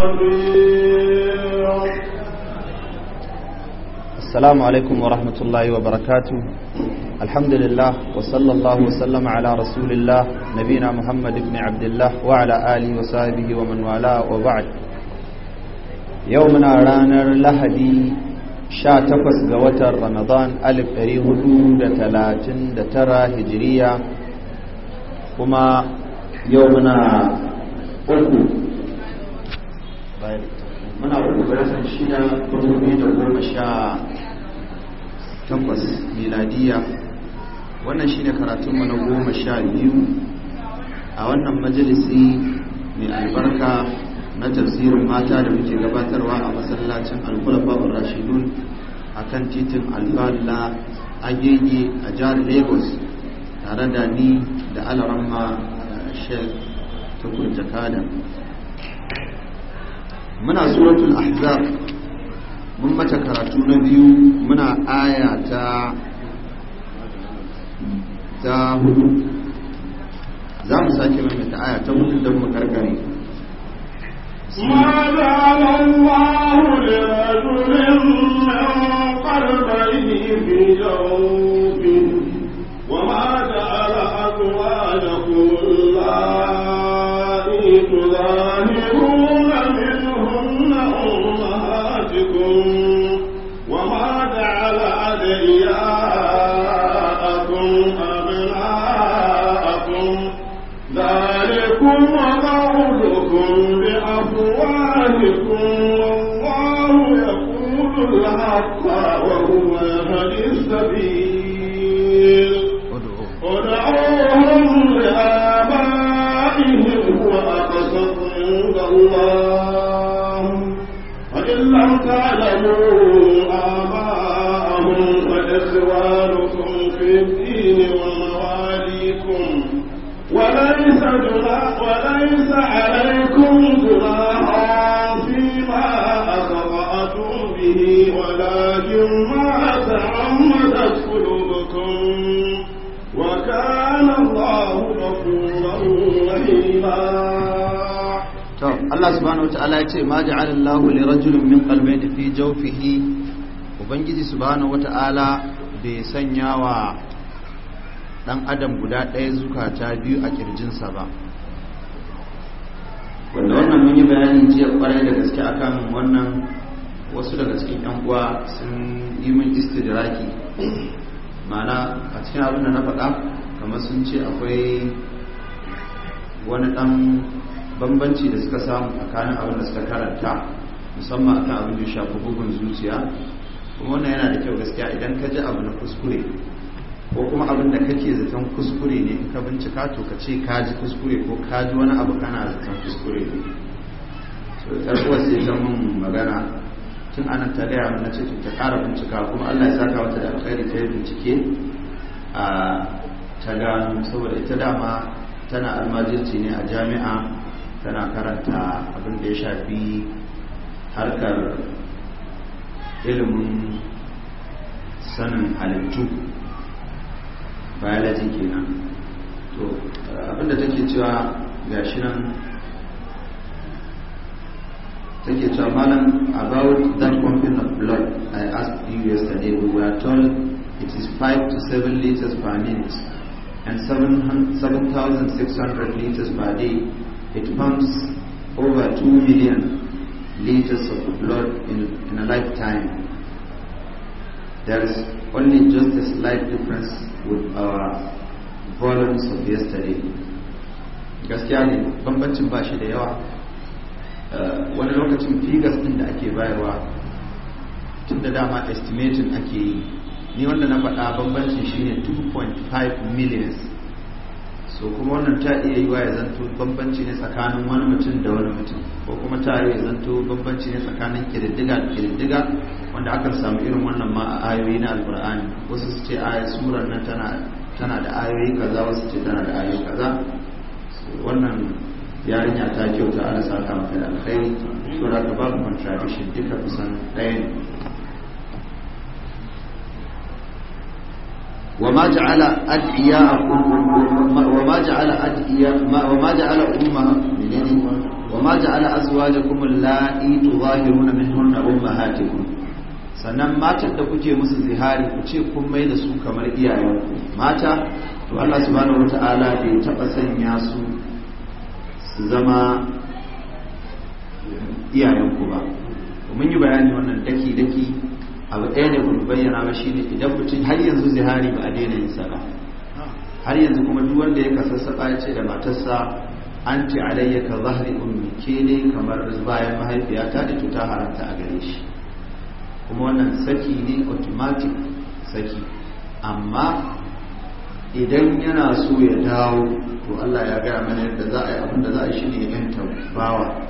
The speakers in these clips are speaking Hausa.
خبير السلام عليكم ورحمة الله وبركاته الحمد لله وصلى الله وسلم على رسول الله نبينا محمد بن عبد الله وعلى آله وصحبه ومن والاه وبعد يومنا رانر لهدي sha takwas ga watan ramadan alif ɗari hudu da talatin da tara hijiriya kuma yau muna uku muna rubuta rasan shida da goma sha takwas miladiya wannan shine karatunmu na goma sha biyu a wannan majalisi mai albarka na tafsirin mata da muke gabatarwa a masallacin alkulafa'ur rashidun a kan titin alfalla agege a jihar lagos tare da ni da alaramma eh, shek tukur jakada muna suratul ahzab mun mata karatu na biyu muna aya ta ta hudu za mu sake mai ta aya ta hudu don mu karkare ما جعل الله لرجل من قلبيه في يوم الحق وهو أهل السبيل ادعوهم لآبائهم هو أقسط عند الله فإن لم تعلموا آباءهم فإخوانكم في الدين ومواليكم وليس جناح Allah subhanahu wataala ya ce ma ja'alallahu li rajulin min qalbayni fi jawfihi ubangiji subhanahu wataala bai sanya wa dan adam guda ɗaya zukata biyu a kirjinsa ba wanda wannan mun yi bayanin jiya kwarai da gaske akan wannan wasu daga cikin yan uwa sun yi min istidraki mana a cikin abin da na faɗa kamar sun ce akwai wani ɗan bambanci da suka samu tsakanin abin da suka karanta musamman akan abin da shafi bugun zuciya kuma wannan yana da kyau gaskiya idan ka ji abu na kuskure ko kuma abin da kake zaton kuskure ne in ka bincika to ka ce ka ji kuskure ko ka ji wani abu kana zaton kuskure ne so ta ruwa sai zan mun magana tun anan ta gaya na ce ta ƙara bincika kuma Allah ya saka mata da alkhairi ta yi bincike a ta gano saboda ita dama tana almajirci ne a jami'a tana karanta abin da ya shafi harkar ilimin sanin halittu biology kenan to abinda take cewa gashi nan take cewa malam about that pumping of blood i asked you yesterday we were told it is 5 to 7 liters per minute and 7,600 liters per day it pumps over 2 million liters of blood in, in a lifetime. There is only just a slight difference with our volumes of yesterday. Gaskiya ne bambancin ba shi da yawa. Eh, wani lokacin figures ɗin da ake bayarwa tun da dama estimating ake yi. Ni wanda na faɗa bambancin shine 2.5 millions so kuma wannan ta iya yiwa ya zanto bambanci ne tsakanin wani mutum da wani mutum ko kuma ta iya zanto bambanci ne tsakanin kididdiga da kididdiga wanda aka samu irin wannan ma a ayoyi na alkur'ani wasu su ce ayoyi surar nan tana da ayoyi kaza wasu ce tana da ayoyi kaza wannan yarinya ta kyauta ana saka maka da alkhairi saboda ka babu contradiction duka kusan ɗaya ne وما جعل أدعياءكم وما جعل أدعياء وما جعل أمها وما جعل أزواجكم اللائي تظاهرون منهن أمهاتكم sannan matan da kuke musu zihari ku ce kun mai da su kamar iyayenku mata to Allah subhanahu wata'ala bai taba sanya su su zama iyayen ku ba mun yi bayani wannan daki daki abu ɗaya ne ku bayyana ba shine idan mutum har yanzu zihari ba a daina yin sa ba har yanzu kuma duk wanda ya saba ya ce da matarsa an ce alayya ka zahri ummi ke ne kamar bayan mahaifiyata da ta haramta a gare shi kuma wannan saki ne automatic saki amma idan yana so ya dawo to Allah ya gaya mana yadda za a yi abin da za a shi ne ya yanta bawa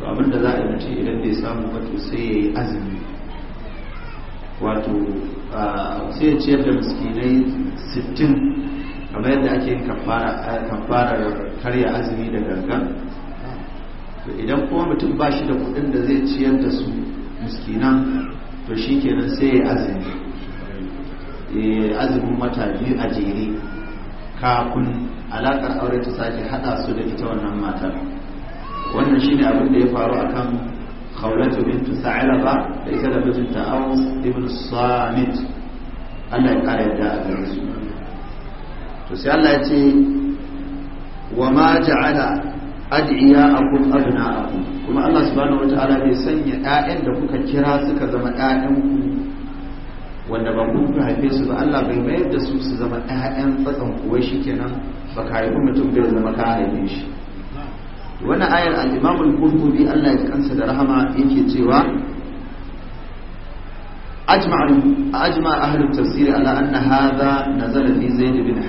to abinda za a yi idan bai samu ba to sai ya yi azumi wato sai ya ciyar da miskinai sittin kamar yadda ake yin kafara karya azumi da gangan to idan kuma mutum ba shi da kudin da zai ciyar da su miskinan to shi kenan sai ya yi azumi azumin mata biyu a jere kafin alakar aure ta sake haɗa su da ita wannan matar wannan shine abin da ya faru akan khawlatu bintu sa'laba da ita da mijinta aus ibn samit Allah ya kare da gare su to sai Allah ya ce wa ma ja'ala ad'iya'akum abna'akum kuma Allah subhanahu wata'ala bai sanya ƴaƴan da kuka kira suka zama ƴaƴan ku wanda ba ku haife su ba Allah bai mayar da su su zama ƴaƴan tsatsan kuwa shikenan ba ka haifi mutum bai zama ka haife shi wani ayar al'imamul kurkubi Allah ya kansa da rahama yake cewa ajma ahlul tafsiri ala anna hadha nazala fi zaid bin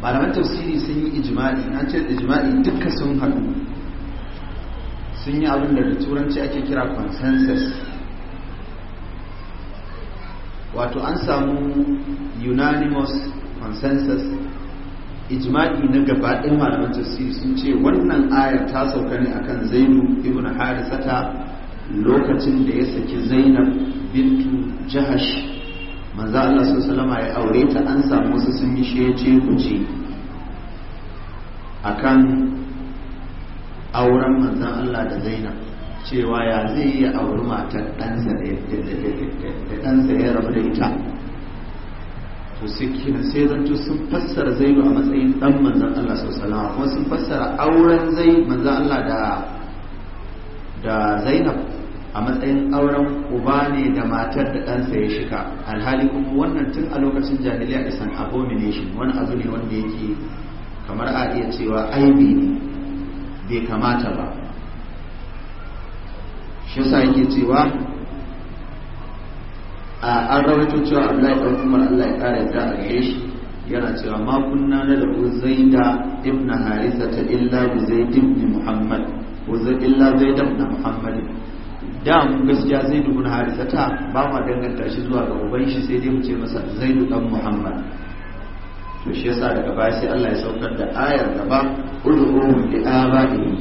malaman tafsiri sun yi ijma'i an ce ijma'i duka sun haɗu sun yi abin da turanci ake kira consensus wato an samu unanimous consensus ijma'i na gabaɗin malaman tafsiri sun ce wannan ayar ta sauka ne akan zainu ibn harisata lokacin da ya saki zainab bintu jahash manzo Allah sallallahu alaihi ya aure ta an samu su sun yi shece kuce akan auren manzo Allah da zainab cewa ya zai yi aure matar ɗansa da ɗansa ya rabu da ita to sai kina sai zanto sun fassara zainu a matsayin dan manzan Allah sallallahu kuma sun fassara auren zai manzan Allah da da Zainab a matsayin auren uba ne da matar da ɗansa ya shika alhali kuma wannan tun a lokacin jahiliya da san abomination wani abu ne wanda yake kamar a iya cewa aibi ne bai kamata ba shi yake cewa an rawaito cewa Allah ya Umar Allah ya kare ta a gare shi yana cewa ma kunna na da Uzaida ibn Harisa ta illa bi Zaid ibn Muhammad Uzaid illa Zaid ibn Muhammad da mu gaskiya Zaid ibn Harisa ta ba ma danganta shi zuwa ga uban shi sai dai mu ce masa Zaid ibn Muhammad to shi yasa daga baya sai Allah ya saukar da ayar gaba ud'uhum li abaihim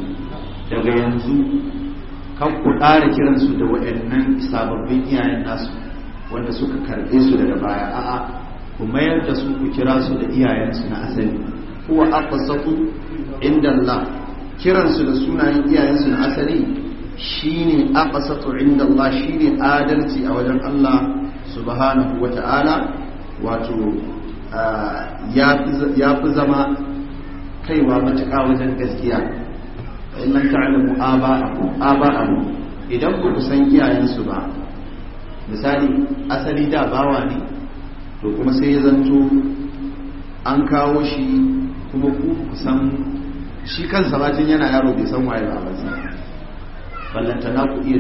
daga yanzu kan ku ɗara kiransu da waɗannan sababbin iyayen nasu wanda suka karfe su daga baya a'a ku mayar da su ku kira su da iyayensu na asali Kuwa aqsatu inda Allah kiransu da sunayen iyayensu na asali shine aqsatu inda Allah shine adalci a wajen Allah subhanahu Ta'ala. wato ya fi zama kaiwa matuƙa wajen gaskiya in lam ta'lamu aba'akum aba'akum idan ku san iyayensu ba misali asali da bawa ne to kuma sai ya zanto an kawo shi kuma ku kusan shi kan bacin yana yaro bai san waye babansa na ku iya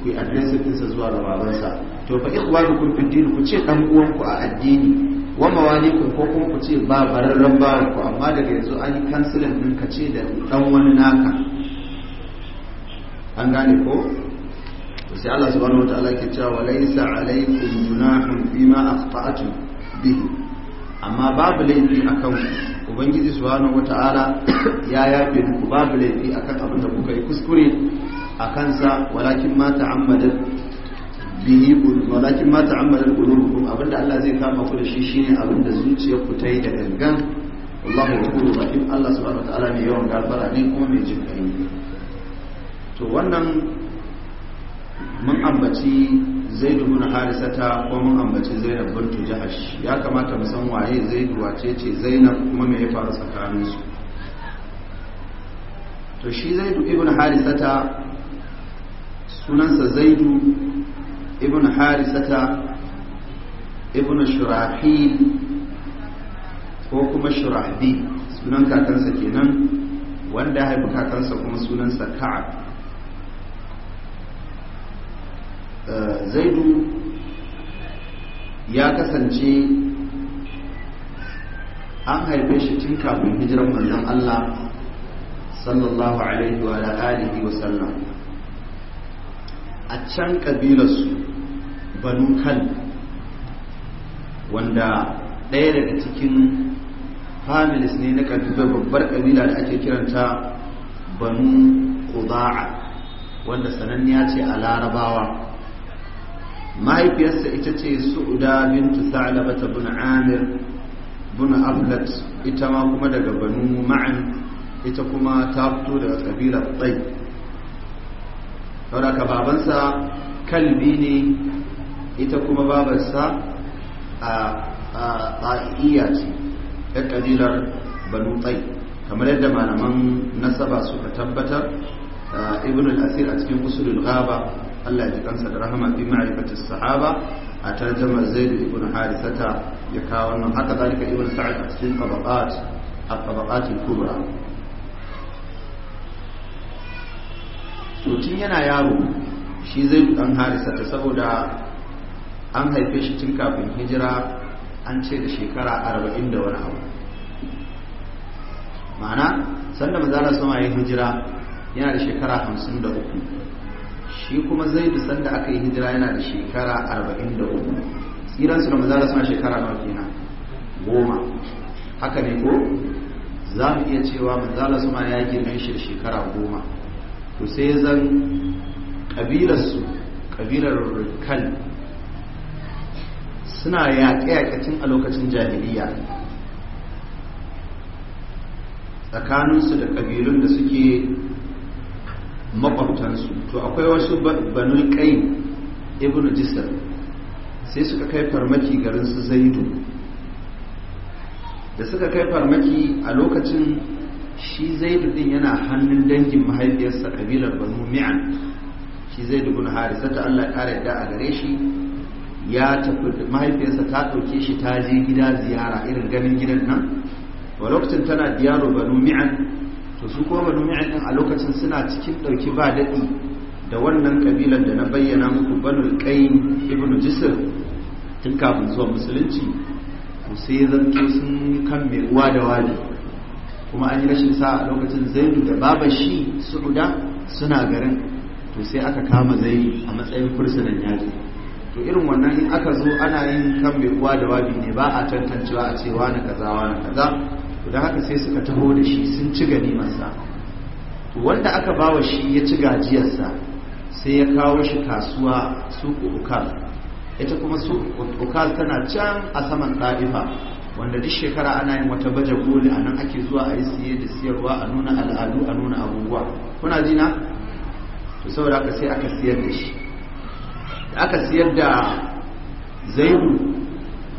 ku yi adresin ɗinsa zuwa ga babansa to fa ikhwanukum ku din ku ce dan uwanku a addini wa ku ko kuma ku ce ba bararren bawan ku amma daga yanzu an yi kansilin din ka ce da dan wani naka an gane ko sai Allah subhanahu wa ta'ala ke cewa laysa alaykum junahun bima akhta'tum bihi amma babu laifi akan ubangiji subhanahu wa ta'ala ya yafe muku babu laifi akan abin da kuka yi kuskure akan sa walakin ma ta'ammada bihi walakin ma ta'ammada qulubukum abinda Allah zai kama ku da shi shine abinda ku ta yi da gangan wallahu ghafurur rahim Allah subhanahu wa ta'ala ne yawan gafara ne kuma mai jin kai to wannan mun ambaci zaid ibn harisata ko mun ambaci zainab bintu jahash ya kamata mu san waye zai duwa ce zainab kuma me ya faru tsakanin su to shi Zaidu, ibn harisata sunansa Zaidu, ibn harisata ibn Shurahi, ko kuma shurahbi sunan kakansa kenan wanda ya haifi kakansa kuma sunansa ka'ab Eh, zaidu ya kasance an haife shi tun kafin hijiran manzon Allah sallallahu alaihi wa alihi wa sallam a can kabilarsu banu kan wanda ɗaya daga cikin families ne na kabilar babbar kabila da ake kiranta banu kuda'a wanda sananniya ce a larabawa mahaifiyarsa ita ce su'uda bintu sa'laba ta bin amir bin ablat ita ma kuma daga banu ma'an ita kuma ta fito daga kabilar tsai saboda babansa kalbi ne ita kuma babarsa a tsa'iya ce ta kabilar banu tsai kamar yadda malaman nasaba suka tabbatar ibn al-asir a cikin usulul ghaba Allah ya kansa da rahama fi ma'rifati sahaba a tarjamar Zaid ibn Harithata ya kawo wannan haka zalika ibn Sa'd a cikin tabaqat a tabaqat kubra to tun yana yaro shi Zaid dan Harithata saboda an haife shi tun kafin hijira an ce da shekara 40 da wani abu ma'ana sanda manzala sama ya hijira yana da shekara uku. shi kuma zai da sanda aka yi hijira yana da shekara arba'in da uku tsiransu da mazara suna shekara nawa kenan goma haka ne ko za mu iya cewa manzala suma ya girme shi da shekara goma to sai zan kabilarsu kabilar rikal suna yaƙe cin a lokacin jahiliya tsakaninsu da kabilun da suke makwabtansu to akwai wasu banu kai ibnu jisar sai suka kai farmaki garin su zaidu da suka kai farmaki a lokacin shi zaidu din yana hannun dangin mahaifiyarsa kabilar banu mi'an shi zaidu bin harisa ta Allah kare da a gare shi ya tafi mahaifiyarsa ta ɗauke shi ta je gida ziyara irin ganin gidan nan wa lokacin tana diyaro banu mi'an to su kuma banu mi'in a lokacin suna cikin ɗauki ba daɗi da wannan kabilan da na bayyana muku banul qayn ibn jisr tun kafin zuwa musulunci to sai zanto sun kan mai uwa da wali kuma an yi rashin sa a lokacin zaidu da baba shi su'uda suna garin to sai aka kama zai a matsayin fursunan yaji to irin wannan in aka zo ana yin kan mai uwa da wabi ne ba a tantancewa a cewa wani kaza wani kaza Da haka sai suka taho da shi sun ci gani to wanda aka bawa shi ya ci gajiyarsa sai ya kawo shi kasuwa su ukal ita kuma su ukal tana can a saman ɗa'ifa wanda duk shekara ana yin wata baje koli a nan ake zuwa a yi siye da siyarwa a nuna al'adu a nuna abubuwa kuna jina? to saboda aka sai aka siyar da shi da aka siyar da zairu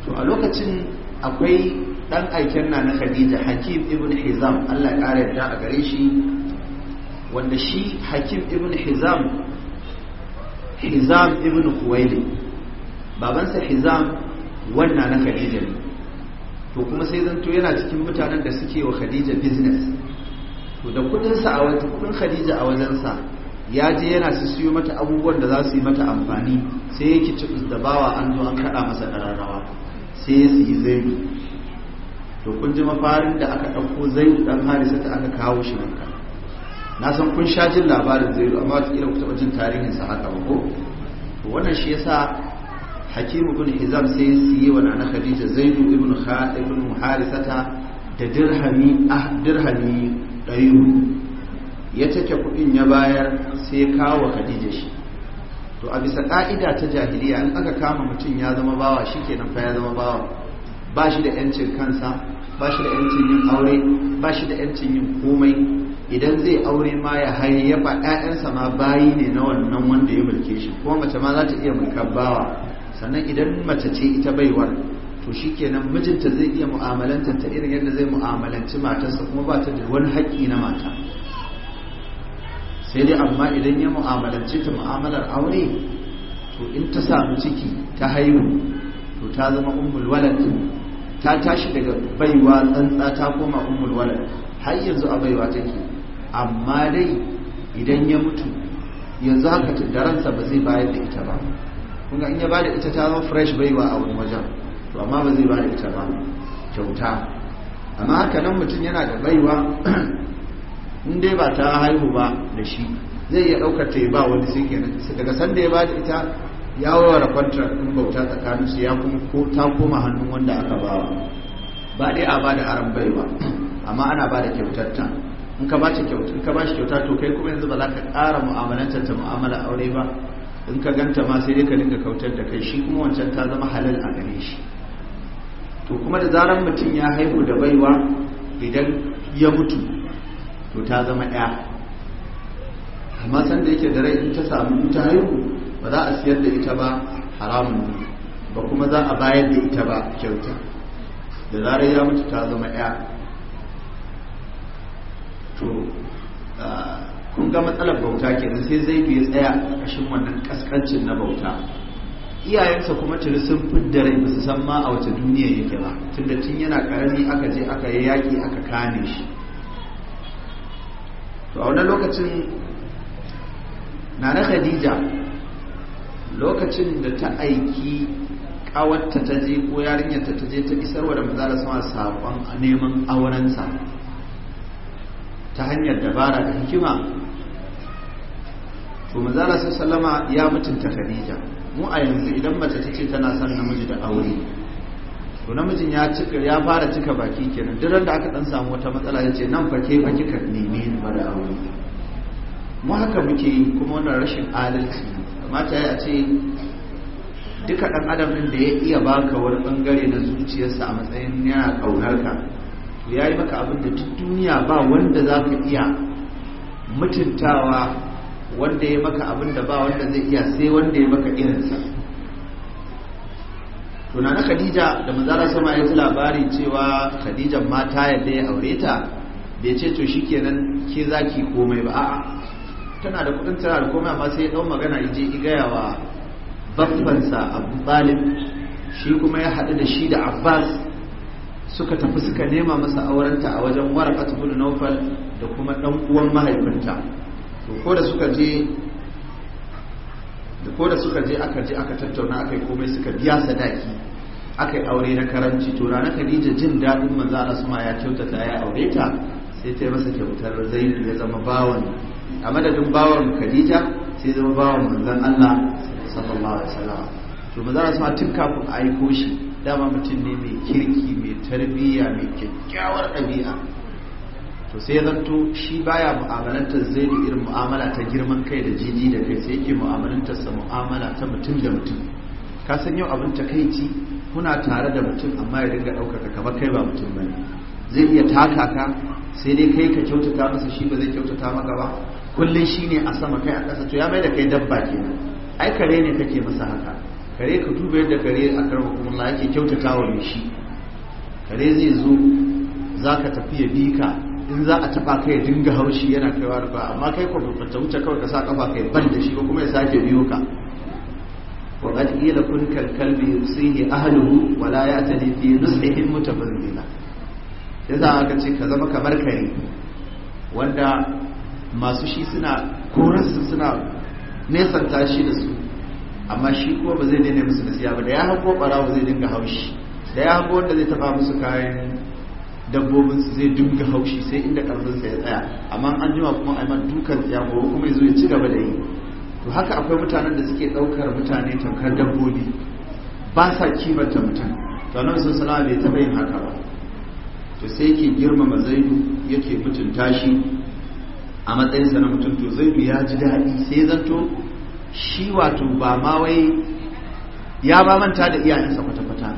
to a lokacin akwai dan aiken na na khadija hakim ibn hizam allah ya kare da a gare shi wanda shi hakim ibn hizam hizam ibn kuwaili babansa hizam wannan na khadija ne to kuma sai zanto yana cikin mutanen da suke wa khadija business to da kudinsa a wajen kudin khadija a wajensa ya je yana su siyo mata abubuwan da za su yi mata amfani sai yake ci da bawa an zo an kada masa ɗararrawa, sai ya siyi zai to kun ji mafarin da aka ɗauko zaidu ɗan harisa ta aka kawo shi nan ka, na san kun sha jin labarin zaidu amma wataƙila ku taɓa jin tarihinsa haka ba ko wannan shi yasa hakimu bin hizam sai siye wa nana khadija zaidu ibn ibn harisata da dirhami ah dirhami ya take kuɗin ya bayar sai ya kawo wa khadija shi to a bisa ka'ida ta jahiliya in aka kama mutum ya zama bawa shikenan fa ya zama bawa ba shi da yancin kansa ba shi da yancin yin aure ba shi da yancin yin komai idan zai aure ma ya haye ya ba ƴaƴansa ma bayi ne na wannan wanda ya mulke shi kuma mace ma za ta iya mulkar bawa sannan idan mace ce ita baiwar to shi shikenan mijinta zai iya mu'amalanta ta irin yadda zai mu'amalanci matarsa kuma ba ta da wani haƙƙi na mata sai dai amma idan ya mu'amalanci ta mu'amalar aure to in ta samu ciki ta haihu to ta zama ummul walad ta tashi daga baiwa tsantsa ta koma umul walad har yanzu a baiwa take amma dai idan ya mutu yanzu haka da ba zai bayar da ita ba kuma in ya bada ita ta zama fresh baiwa a wani wajen to amma ba zai bada ita ba kyauta amma haka nan mutum yana da baiwa in dai ba ta haihu ba da shi zai iya ɗaukar ta ba wani sai kenan daga sanda ya bada ita ya warware kwantar ɗin bauta tsakanin su ya kuma ko ta koma hannun wanda aka bawa ba dai a bada aran baiwa amma ana bada kyautar ta in ka bace kyauta bashi kyauta to kai kuma yanzu ba za ka ƙara mu'amalantar ta mu'amala aure ba in ka ganta ma sai dai ka dinga kautar da kai shi kuma wancan ta zama halal a gare shi to kuma da zarar mutum ya haihu da baiwa idan ya mutu to ta zama ɗaya amma sanda yake da rai in ta samu ta haihu ba za a siyar da ita ba haramun ne ba kuma za a bayar da ita ba kyauta da zarar ya mutu ta zama ya to kun ga matsalar bauta kenan sai zai biya tsaya a ƙashin wannan ƙasƙancin na bauta iyayensa kuma ciri sun fidda rai ba su san ma a wace duniya yake ba da tun yana ƙarami aka je aka yi yaƙi aka kame shi to a wani lokacin na na khadija lokacin da ta aiki kawarta ta je ko yarinyarta ta je ta isarwa da manzala sama saƙon neman aurensa ta hanyar dabara da hikima to mazala sun sallama ya mutunta khadija mu a yanzu idan mace ta ce tana son namiji da aure to namijin ya cika ya fara cika baki kenan duk da aka dan samu wata matsala ya ce nan fa ke ba kika neme ni ba da aure mu haka muke kuma wannan rashin adalci kamata ya ce duka ɗan adam ɗin da ya iya baka wani ɓangare na zuciyarsa a matsayin yana ƙaunar ka to ya yi maka abin da duk duniya ba wanda za ka iya mutuntawa wanda ya maka abin da ba wanda zai iya sai wanda ya maka irinsa tuna na khadija da manzara sama ya ji labari cewa khadijan mata yadda ya aure ta bai ce to shikenan ke zaki komai ba a'a tana da kudin tana da komai amma sai ya ɗau magana yaje je ya gaya wa baffansa abu talib shi kuma ya haɗu da shi da abbas suka tafi suka nema masa aurenta a wajen waraka bin Nawfal da kuma ɗan uwan mahaifinta ko da suka je ko da suka je aka je aka tattauna aka yi komai suka biya sadaki aka yi aure na karanci to ranar khadija jin daɗin manzo Allah ya kyautata ya aure ta sai ta yi masa kyautar zai ya zama bawan a madadin bawan khadija sai zama bawar manzon Allah sallallahu alaihi wasallam to ba za a sa tun kafin a aiko shi dama mutum ne mai kirki mai tarbiyya mai kyakkyawar ɗabi'a to sai zanto shi baya mu'amalantar yi irin mu'amala ta girman kai da jiji da kai sai yake mu'amalantar sa mu'amala ta mutum da mutum ka san yau abin takaici kuna tare da mutum amma ya dinga ɗaukaka kamar kai ba mutum bane zai iya taka ka sai dai kai ka kyautata masa shi ba zai kyautata maka ba kullum shi ne a sama kai a ƙasa to ya mai da kai dabba nan ai kare ne kake masa haka kare ka duba yadda kare a karfa kuma yake kyautata wa shi kare zai zo za ka tafi ya bi in za a taba kai ya dinga haushi yana kaiwa da ba amma kai ko ba ta wuce kawai ka sa kafa kai ban da shi ko kuma ya sake biyo ka wa qad ila kun kal kalbi yusihi ahluhu wa la ya'tadi fi nusihim mutabazzila sai za a ce ka zama kamar kare wanda masu shi suna korinsu suna nesanta shi da su amma shi kuma ba zai daina musu nasiya ba da ya hako ba zai dinga haushi da ya hako wanda zai taba musu kayan dabbobin su zai dinga haushi sai inda karfinsa ya tsaya amma an jima kuma a yi dukan tsaya gobe kuma ya zo ya ci gaba da yi to haka akwai mutanen da suke ɗaukar mutane tamkar dabbobi ba sa kimanta mutum to nan sun sana'a bai taɓa yin haka ba to sai yake girmama zaidu yake mutunta shi a matsayinsa na mutum to zaidu ya ji daɗi sai zanto shi wato ba ma wai ya ba manta da iyayensa kwata-kwata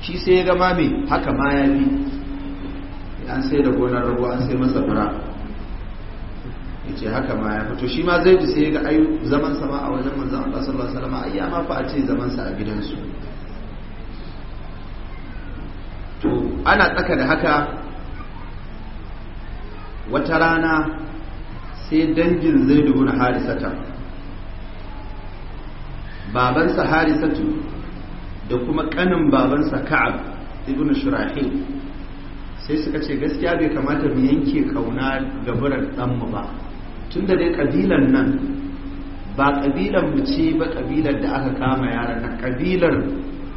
shi sai ya gama mai haka ma ya bi an sai da gonar rago an sai masa fura ya ce haka ma ya fito shi ma zai ji sai ya ga ayu zaman sama a wajen manzan Allah sallallahu alaihi wasallam ai ma fa a ce zaman sa a gidansu to ana tsaka da haka wata rana sai dangin zai dubuna harisata babansa harisatu da kuma kanin babansa ka'ab ibn shirahi sai suka ce gaskiya bai kamata mu yanke kauna ga biran mu ba tun da dai ƙabilan nan ba ƙabilan mu ce ba ƙabilar da aka kama yaran nan ƙabilar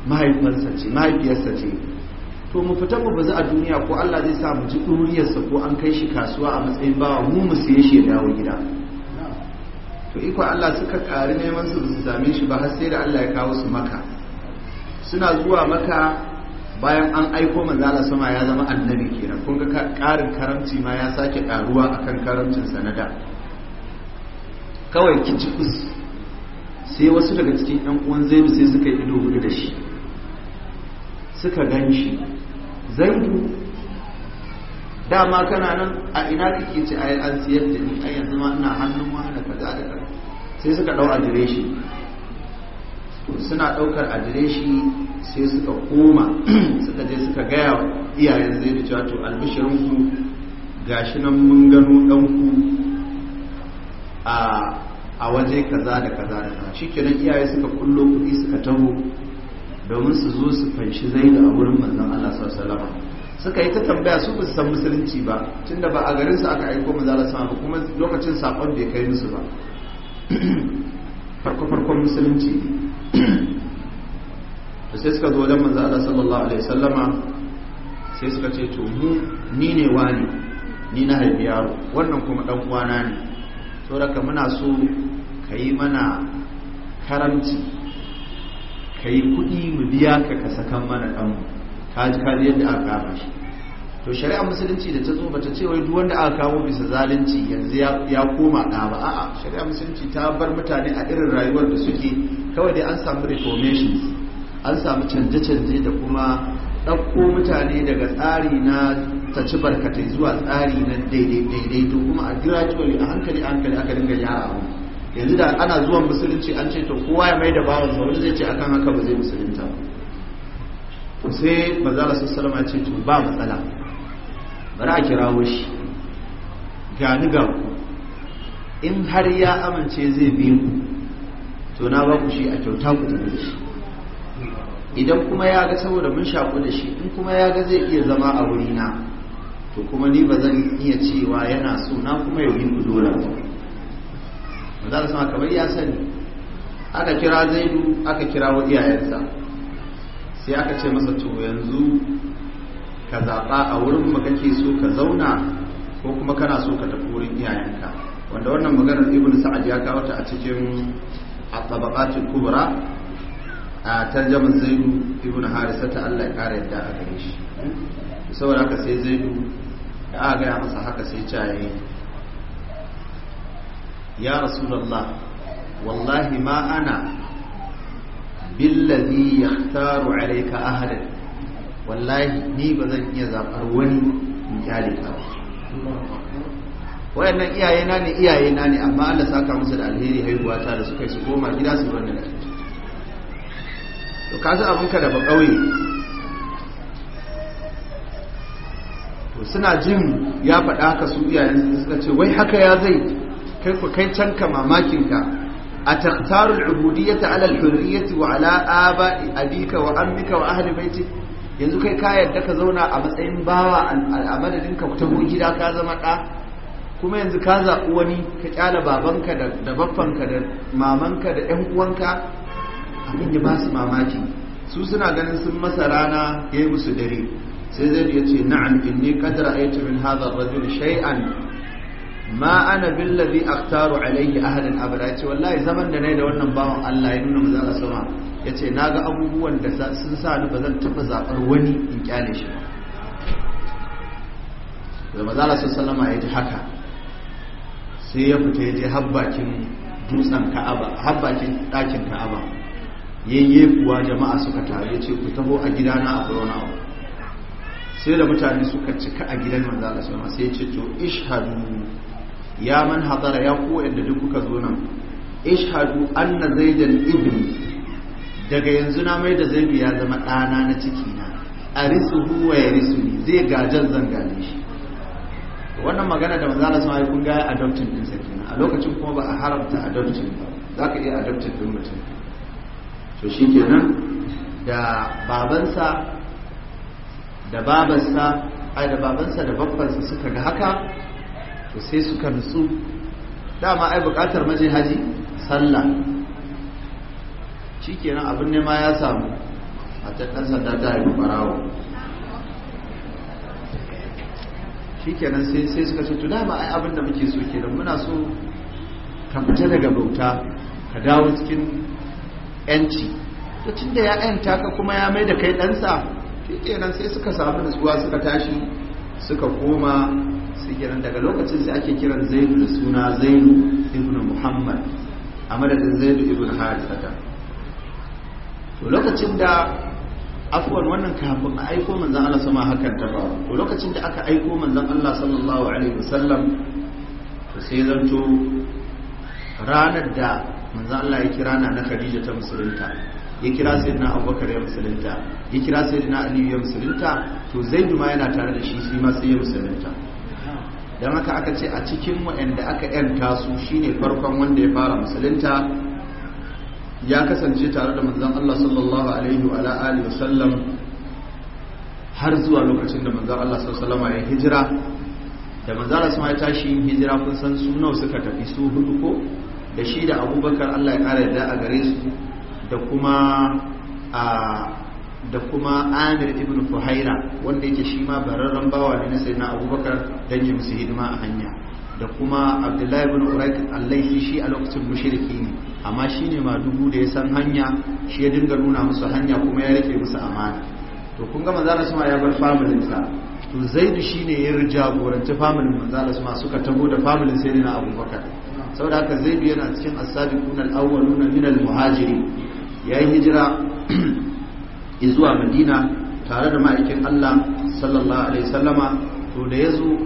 mahaifiyarsa ce to mu fita mu bazu a duniya ko Allah zai sa mu ji ɗuriyarsa ko an kai shi kasuwa a matsayin bawa mu mu siye shi ya dawo gida to iko Allah suka kari neman su su same shi ba har sai da Allah ya kawo su maka suna zuwa maka bayan an aiko Allah sama ya zama annabi kenan kun ga karin karamci ma ya sake karuwa akan karamcin sanada kawai kus sai wasu daga cikin 'yan uwan zaidu sai suka yi ido hudu da shi suka gan shi zaidu dama kana nan a ina kake ce ai an siyar da ni ai yanzu ma ina hannun da kaza da kaza sai suka dau adireshi suna daukar adireshi sai suka koma suka je suka gaya iyayen zaidu cewa to albishirin ku gashi nan mun gano dan ku a a waje kaza da kaza da kaza shikenan iyaye suka kullo kuɗi suka taho domin su zo su fanshi zai a wurin manzon Allah sallallahu suka yi ta tambaya su ba su san musulunci ba tunda ba a garin su aka aiko manzon Allah sallallahu kuma lokacin sakon bai kai musu ba farko farkon musulunci da sai suka zo wajen manzon Allah sallallahu alaihi wasallama sai suka ce to mu ni ne wani ni na haifi yaro wannan kuma dan uwana ne saboda muna so ka yi mana karamci ka yi kuɗi mu biya ka ka sakan mana ɗanmu ka ji kaji yadda aka kama shi to shari'a musulunci da ta zo bata ce wai duk wanda aka kawo bisa zalunci yanzu ya koma ɗa ba a'a shari'a musulunci ta bar mutane a irin rayuwar da suke kawai dai an samu reformations an samu canje-canje da kuma ɗauko mutane daga tsari na ta ci barkatai zuwa tsari na daidai daidai to kuma a gradually a hankali a hankali aka dinga yara abu yanzu da ana zuwan musulunci an ce to kowa ya mai da bawan wani zai ce akan haka ba zai musulunta sai manzala sallama salama ce to ba matsala bari a kirawo shi gani ga in har ya amince zai bi ku to na ba ku shi a kyauta ku da shi idan kuma ya ga saboda mun shaku da shi in kuma ya ga zai iya zama a wurina to kuma ni ba zan iya cewa yana so na kuma ya yi ku ba manzo sama kamar ya sani aka kira zaidu aka kira wa iyayensa sai aka ce masa to yanzu ka zaɓa a wurin mu kake so ka zauna ko kuma kana so ka tafi wurin iyayenka wanda wannan maganar ibn sa'ad ya kawo ta a cikin at-tabaqatul kubra a tarjaman zaidu ibn harisa ta Allah ya kare yadda a gare shi saboda haka sai zaidu da aka gaya masa haka sai caye ya rasulallah wallahi ma ana billazi yahtaru alayka ahadan wallahi ni ba zan iya zabar wani in kyale ka wayannan iyaye na ne iyaye na ne amma Allah saka musu da alheri haihuwa ta da suka yi su koma gida su wannan da to kaza abinka da ba kauye to suna jin ya faɗa haka su iyayen suka ce wai haka ya zai kai ku kai can mamakin ka a takhtarul ubudiyyata ala al-hurriyyati wa ala abika wa ammika wa ahli yanzu kai ka yarda ka zauna a matsayin bawa a madadin ka ta gida ka zama ɗa kuma yanzu ka zaɓi wani ka ƙyala babanka da baffanka da mamanka da ƴan uwanka abin da ba su mamaki su suna ganin sun masa rana ya yi musu dare sai zai ya ce na'am inni qad ra'aytu min hadha ar-rajul shay'an ma ana billazi aktaru alayhi ahadan abada ce wallahi zaman da nayi da wannan bawan Allah ya nuna mu zaka sama yace naga abubuwan da sun sa ni bazan taba zabar wani in kyale shi ba da manzo Allah sallallahu alaihi haka sai ya fita yaje habbakin dutsen Ka'aba habbakin dakin Ka'aba yayye kuwa jama'a suka taru yace ku taho a gidana a corona sai da mutane suka cika a gidan manzo Allah sallallahu alaihi sai ya ce to ishhadu ya man hadara ya ku inda duk kuka zo nan ishadu anna zaidan ibn daga yanzu na mai da zaidu ya zama ɗana na ciki na arisuhu wa yarisuni zai gajan zan gane shi wannan magana da manzo Allah sai kun ga adoption din sa a lokacin kuma ba a haramta adoption ba zaka iya adoption din mutum to shikenan da babansa da babansa. ai da babansa da babbansa suka ga haka to sai suka nutsu dama ai bukatar maje haji sallah kenan abin nema ya samu a can sanda ta haifi barawo shikenan sai sai suka ce tuna ba ai abin da muke so kenan muna so ka fita daga bauta ka dawo cikin yanci to da ya yanta ka kuma ya mai da kai ɗansa kenan sai suka samu nutsuwa suka tashi suka koma kiran daga lokacin sai ake kiran zainu da suna zainu ibn muhammad a madadin zainu ibn harithata to lokacin da afuwan wannan kafin a aiko manzan Allah sama hakan ta ba to lokacin da aka aiko manzan Allah sallallahu alaihi wasallam to sai zanto ranar da manzan Allah ya kira na na Khadija ta musulunta ya kira sai sayyidina Abubakar ya musulunta ya kira sai na Ali ya musulunta to Zaid ma yana tare da shi shi ma sai ya musulunta don haka aka ce a cikin waɗanda aka yanta su shine farkon wanda ya fara musulunta ya kasance tare da manzon Allah sallallahu alaihi wa alihi wasallam har zuwa lokacin da manzon Allah sallallahu alaihi ya hijira da manzon Allah wasallam ya tashi hijira kun san su nawa suka tafi su hudu ko da shi da Abubakar Allah ya kare da a gare su da kuma a da kuma amir ibn fuhaira wanda yake shi ma bararren bawa ne na sayyidina abubakar dan ya musu hidima a hanya da kuma abdullahi ibn uraik allaisi shi a lokacin mushriki ne amma shi ne ma dubu da ya san hanya shi ya dinga nuna musu hanya kuma ya rike musu amana to kun ga manzala suma ya bar sa to shi ne ya jagoranci familin manzala suma suka taho da familin sayyidina abubakar saboda haka zaidu yana cikin as-sabiqun al-awwaluna min al-muhajirin yayin hijira zuwa madina tare da ma'aikin allah sallallahu alaihi sallama to da ya zo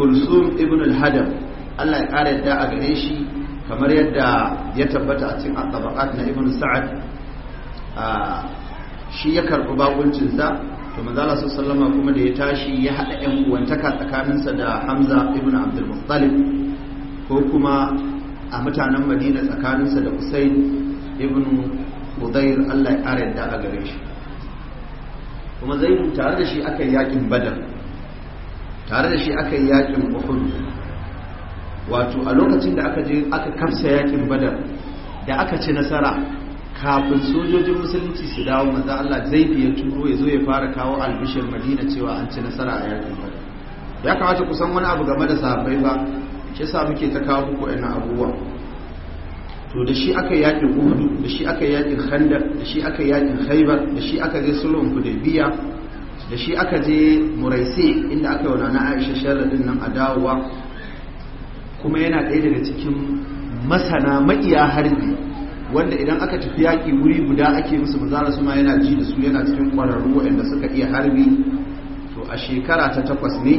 kulsum ibn al-hadar allah ya kare yadda a gare shi kamar yadda ya tabbata a cikin al na ibn sa'ad shi ya karɓi bakuncinsa to manzala su sallama kuma da ya tashi ya haɗa 'yan uwantaka tsakaninsa da hamza ibn abdul muttalib ko kuma a mutanen madina tsakaninsa da usain ibn udair allah ya ƙara yadda a gare shi kuma zai tare da shi aka yakin badar tare da shi aka yakin uhud wato a lokacin da aka je aka kafsa yakin badar da aka ci nasara kafin sojojin musulunci su dawo manzo Allah zai biya turo ya zo ya fara kawo albishir madina cewa an ci nasara a yakin badar ya kamata kusan wani abu game da sahabbai ba shi yasa muke ta kawo ku ina abubuwa to da shi aka yakin uhudu da shi aka yakin khandar da shi aka yakin khaibar da shi aka je sulhun hudaybiya da shi aka je muraisi inda aka yi na aisha sharadin nan a dawowa kuma yana ɗaya daga cikin masana ma'iya harbi wanda idan aka tafi yaƙi wuri guda ake musu mazara su ma yana ji da su yana cikin ƙwararru waɗanda suka iya harbi to a shekara ta takwas ne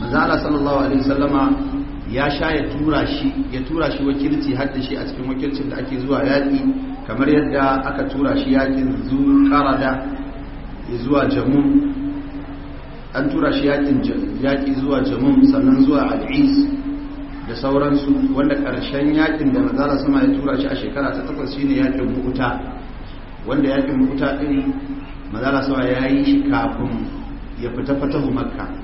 mazara sallallahu alaihi sallama ya sha ya tura shi ya tura shi wakilci hadda shi a cikin wakilcin da ake zuwa yaƙi kamar yadda aka tura shi yaƙin zuwa jamun an tura shi yaƙi zuwa jamun sannan zuwa al'is da sauransu wanda ƙarshen yaƙin da mazara sama ya tura shi a shekara ta takwas shi ne yaƙin mukuta wanda yaƙin mukuta ɗin mazara sama ya yi shi kafin ya fita fatahu makka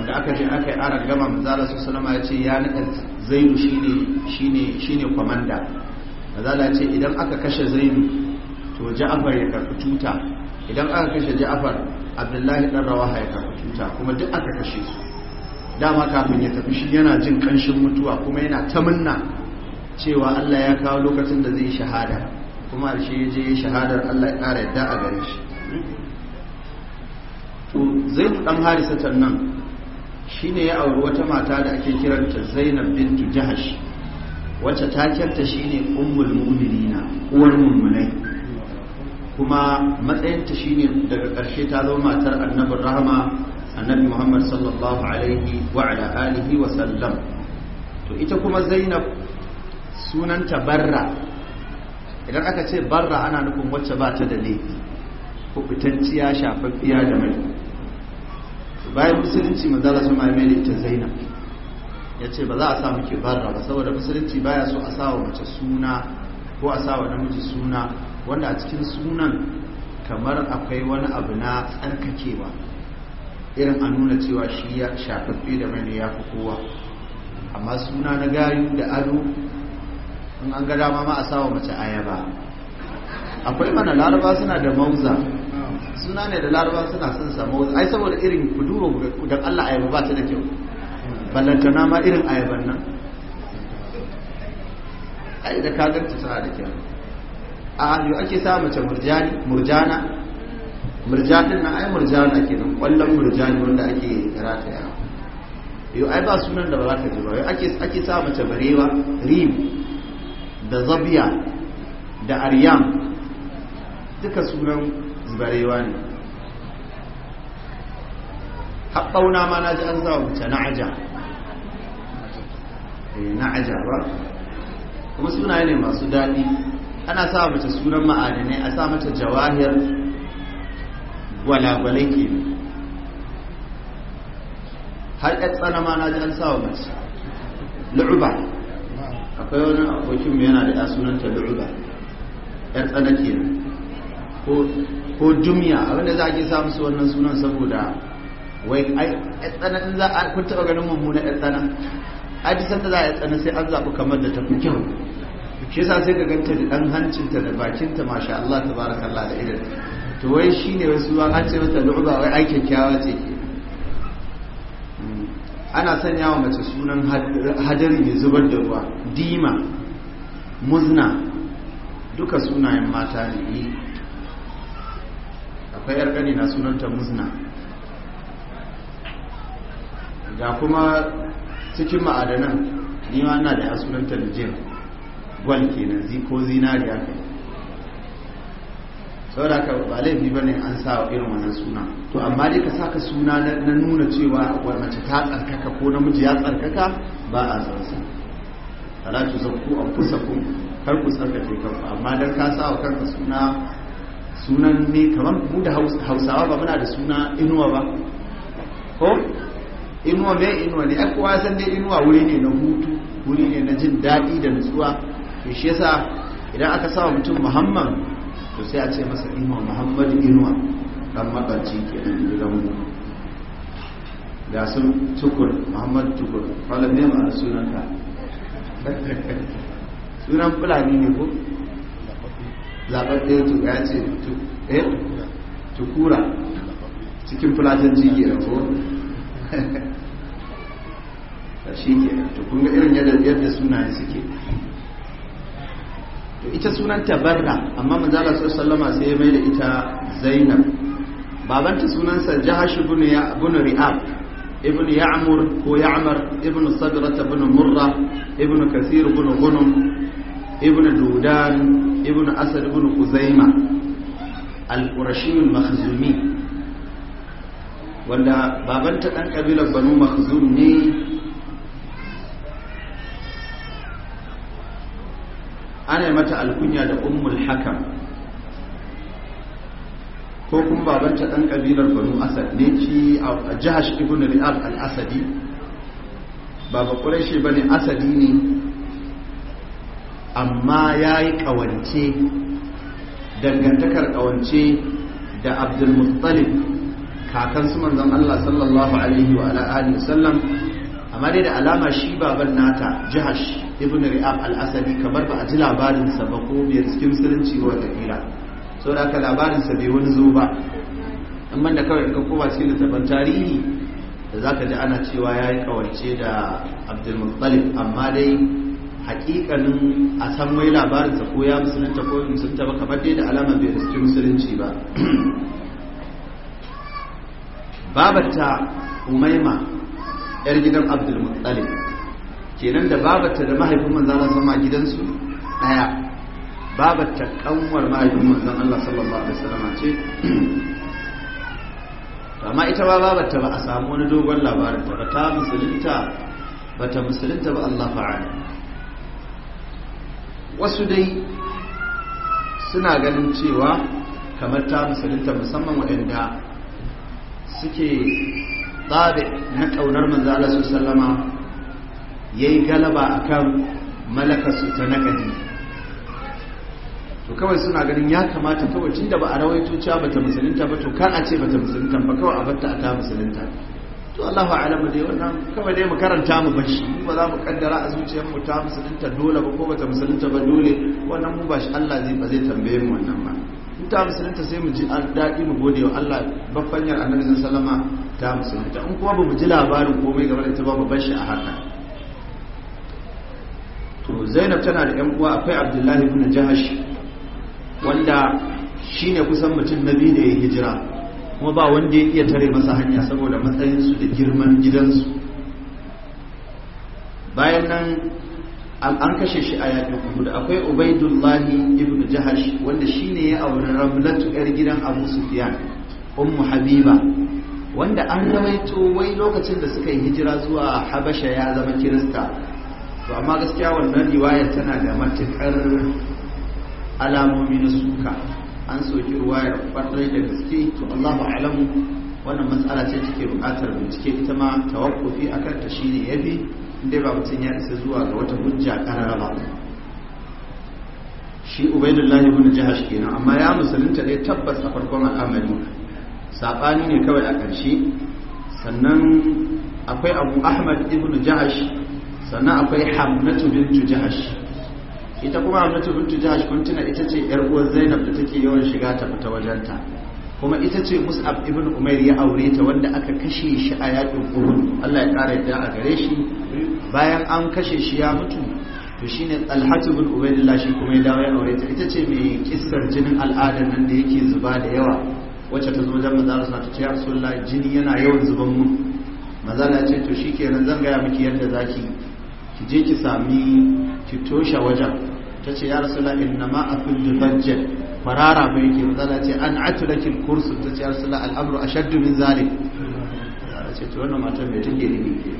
wanda aka je aka yi aran gama mazala su salama ya ce ya naɗa zaidu shine kwamanda mazala ce idan aka kashe zaidu to ja'afar ya karɓi tuta idan aka kashe ja'afar abdullahi dan rawaha ya karɓi tuta kuma duk aka kashe su dama kafin ya tafi shi yana jin ƙanshin mutuwa kuma yana ta munna cewa allah ya kawo lokacin da zai shahada kuma alshe ya je shahadar allah ya ƙara yadda a gare shi to zai dan harisatar nan Shi ne ya auri wata mata da ake kiranta Zainab bintu Jahash wacce shi ne ƙungul mu'minina uwar mummunai kuma matsayinta ne daga ƙarshe ta zo matar annabin rahama annabi Muhammad sallallahu alaihi wa ala wa sallam to ita kuma Zainab sunanta Barra idan aka ce Barra ana nufin wacce ba ta da laifi kubutacciya shafaffiya da mai bayan musulunci manzala sun mai da ita zainab ya ce ba za a sa muke barra ba saboda musulunci baya so a sawa wa mace suna ko a sa wa namiji suna wanda a cikin sunan kamar akwai wani abu na tsarkakewa irin a nuna cewa shi ya shafaffe da mai ya fi kowa amma suna na gayu da ado in an ga dama ma a sa mace ayaba akwai mana laraba suna da mauza suna ne da laraba suna son samu ai saboda irin kuduro da Allah ayyaba ba ta da kyau ballantana ma irin ayyaban nan ai da kagar ta suna da kyau a yau ake sa mace murjani murjana murjanin na ai murjana kenan kwallon murjani wanda ake rataya yau ai ba sunan da ba za ka ji ba ake sa mace barewa rim da zabiya da aryam duka sunan barewa ne haɓɓauna ma na ji an sa wuce na'aja eh, na'aja ba kuma sunaye ne masu daɗi ana sa mace sunan ma'adanai a sa mata jawahir gwalagwalai ke har ɗan tsana ma na ji an sa wa mace lu'uba akwai wani abokinmu yana da ya sunanta lu'uba ɗan tsana ke ko ko jumiya abinda za a ke sa musu wannan sunan saboda wai ai tsananin za a kun taɓa ganin mummunan yan tsana a ji sanda za a yi tsana sai an zaɓi kamar da ta fi kyau shi yasa sai ka ganta da ɗan hancinta da bakinta masha Allah Ta Allah da idan to wai shi ne wasu ba an ce mata lu'uba wai aikin kyawa ce ke hmm. ana sanya wa mace sunan hadari mai zubar da ruwa dima muzna duka sunayen mata ne akwai yar gani na sunanta muzna ga kuma cikin ma'adanan ni ma da ya sunanta lijin gwal kenan zi ko zinariya sau saboda ka ba laifi ba ne an sa irin wannan suna to amma dai ka saka suna na nuna cewa mace ta tsarkaka ko namiji ya tsarkaka ba a zarsa ala tu zakku an ku kar ku tsarkake kanku amma dan ka sa wa kanka suna sunan ne kamar mu da hausawa ba muna da suna inuwa ba ko inuwa mai inuwa ne ai kowa san dai inuwa wuri ne na hutu wuri ne na jin daɗi da nutsuwa to shi yasa idan aka sa mutum muhammad to sai a ce masa inuwa muhammad inuwa dan mabarci ke da gidan mu ga sun tukur muhammad tukur falon ne ma sunanka sunan fulani ne ko zaɓen ɗaya to ya ce tukura eh? cikin fulatan jiki da ko shi ke to kun ga irin yadda sunaye suke to ita sunanta barra amma manzala su sallama sai ya mai da ita zainab babanta sunansa jahash ibn ya ibn ri'ab ibn ya'mur ko ya'mar ibn sadrata ibn murra ibn kathir ibn gunum ibn dudan ibn asad ibn kuzaima al-qurashi makhzumi wanda babanta ɗan ƙabilar banu makhzum ne ana mata alkunya da ummul hakam ko kuma babanta ɗan ƙabilar banu asad ne ci a jihash ibn riyal al-asadi ba ba ƙurashe ba ne asadi ne amma ya yi ƙawance dangantakar ƙawance da abdulmuttalib kakan su manzon Allah sallallahu alaihi wa alihi sallam amma dai da alama shi baban nata jihash ibn ri'ab al-asadi kamar ba a ji labarinsa ba ko biyar cikin musulunci wa tafira da aka labarinsa bai wani zo ba amma da kawai ka koma cikin littafin tarihi da za ka ji ana cewa ya yi ƙawance da abdulmuttalib amma dai hakikanin a san wai sa ko ya musulunta ko musulunta ba kamar dai da alama bai riski musulunci ba babata umaima yar gidan abdul muttalib kenan da babata da mahaifin manzo Allah sama gidansu daya babata kanwar mahaifin manzo Allah sallallahu alaihi wasallam ce amma ita ba babata ba a samu wani dogon labarin ta ba ta musulunta ba ta musulunta ba Allah fa'ala wasu dai suna ganin cewa kamar ta musulunta musamman waɗanda suke tsada na ƙaunar manzala su sallama yayi galaba akan kan malakasu ta nagari to kawai suna ganin ya kamata kawai da ba a rawaito cewa bata musulunta ba to kan a ce bata musulunta ba kawai a batta a ta musulunta to Allahu a'lamu dai wannan kawai dai mu karanta mu bashi ba za mu kaddara a zuciyar mu ta musulunta dole ba ko bata musulunta ba dole wannan mu bashi Allah zai ba zai tambaye mu wannan ba in ta musulunta sai mu ji an daɗi mu gode wa Allah bafanyar annabi salama ta musulunta in kuma ba mu ji labarin komai game da ta ba mu bashi a haka to zainab tana da 'yan uwa akwai abdullahi ibn jahash wanda shine kusan mutum na biyu da ya hijira kuma ba wanda ya iya tare masa hanya saboda matsayinsu da girman gidansu bayan nan an kashe shi a hudu da akwai ubaidullahi ibn jahash wanda shi ne ya auri ramlatu yar gidan abu sufyan ummu habiba wanda an rawaito wai lokacin da suka yi hijira zuwa habasha ya zama kirista to amma gaskiya wannan riwayar tana da matukar alamomi na suka an soki ruwayar kwarai da gaske to Allahu alamu wannan matsala ce take bukatar bincike ita ma tawakkufi akan ta shine yafi inda ba mutum ya isa zuwa ga wata hujja karara ba shi ubaidullahi ibn jahash kenan amma ya musulunta dai tabbas a farkon al'amari sabani ne kawai a ƙarshe sannan akwai abu ahmad ibn jahash sannan akwai hamnatu bintu jahash ita kuma hamnatu bintu jahash kuntuna ita ce yar uwar zainab da take yawan shiga ta fita wajenta kuma ita ce mus'ab ibn umair ya aure ta wanda aka kashe shi a yaƙin uhud Allah ya ƙara yadda a gare shi bayan an kashe shi ya mutu to shine talhatu bin ubaidillah shi kuma ya dawo ya aure ta ita ce mai kissar jinin al'adar nan da yake zuba da yawa wacce ta zo wajen manzala sa ta ce ya rasulullah jini yana yawan zuban mu na ce to shikenan zan gaya miki yadda zaki ki je ki sami ki toshe wajen ta ce ya rasula inna ma a fil dubajjal marara mai yake mazala ce an kin kursu ta ce ya rasula al'amru a shaddu min zalik ya ce to matan mai take nufi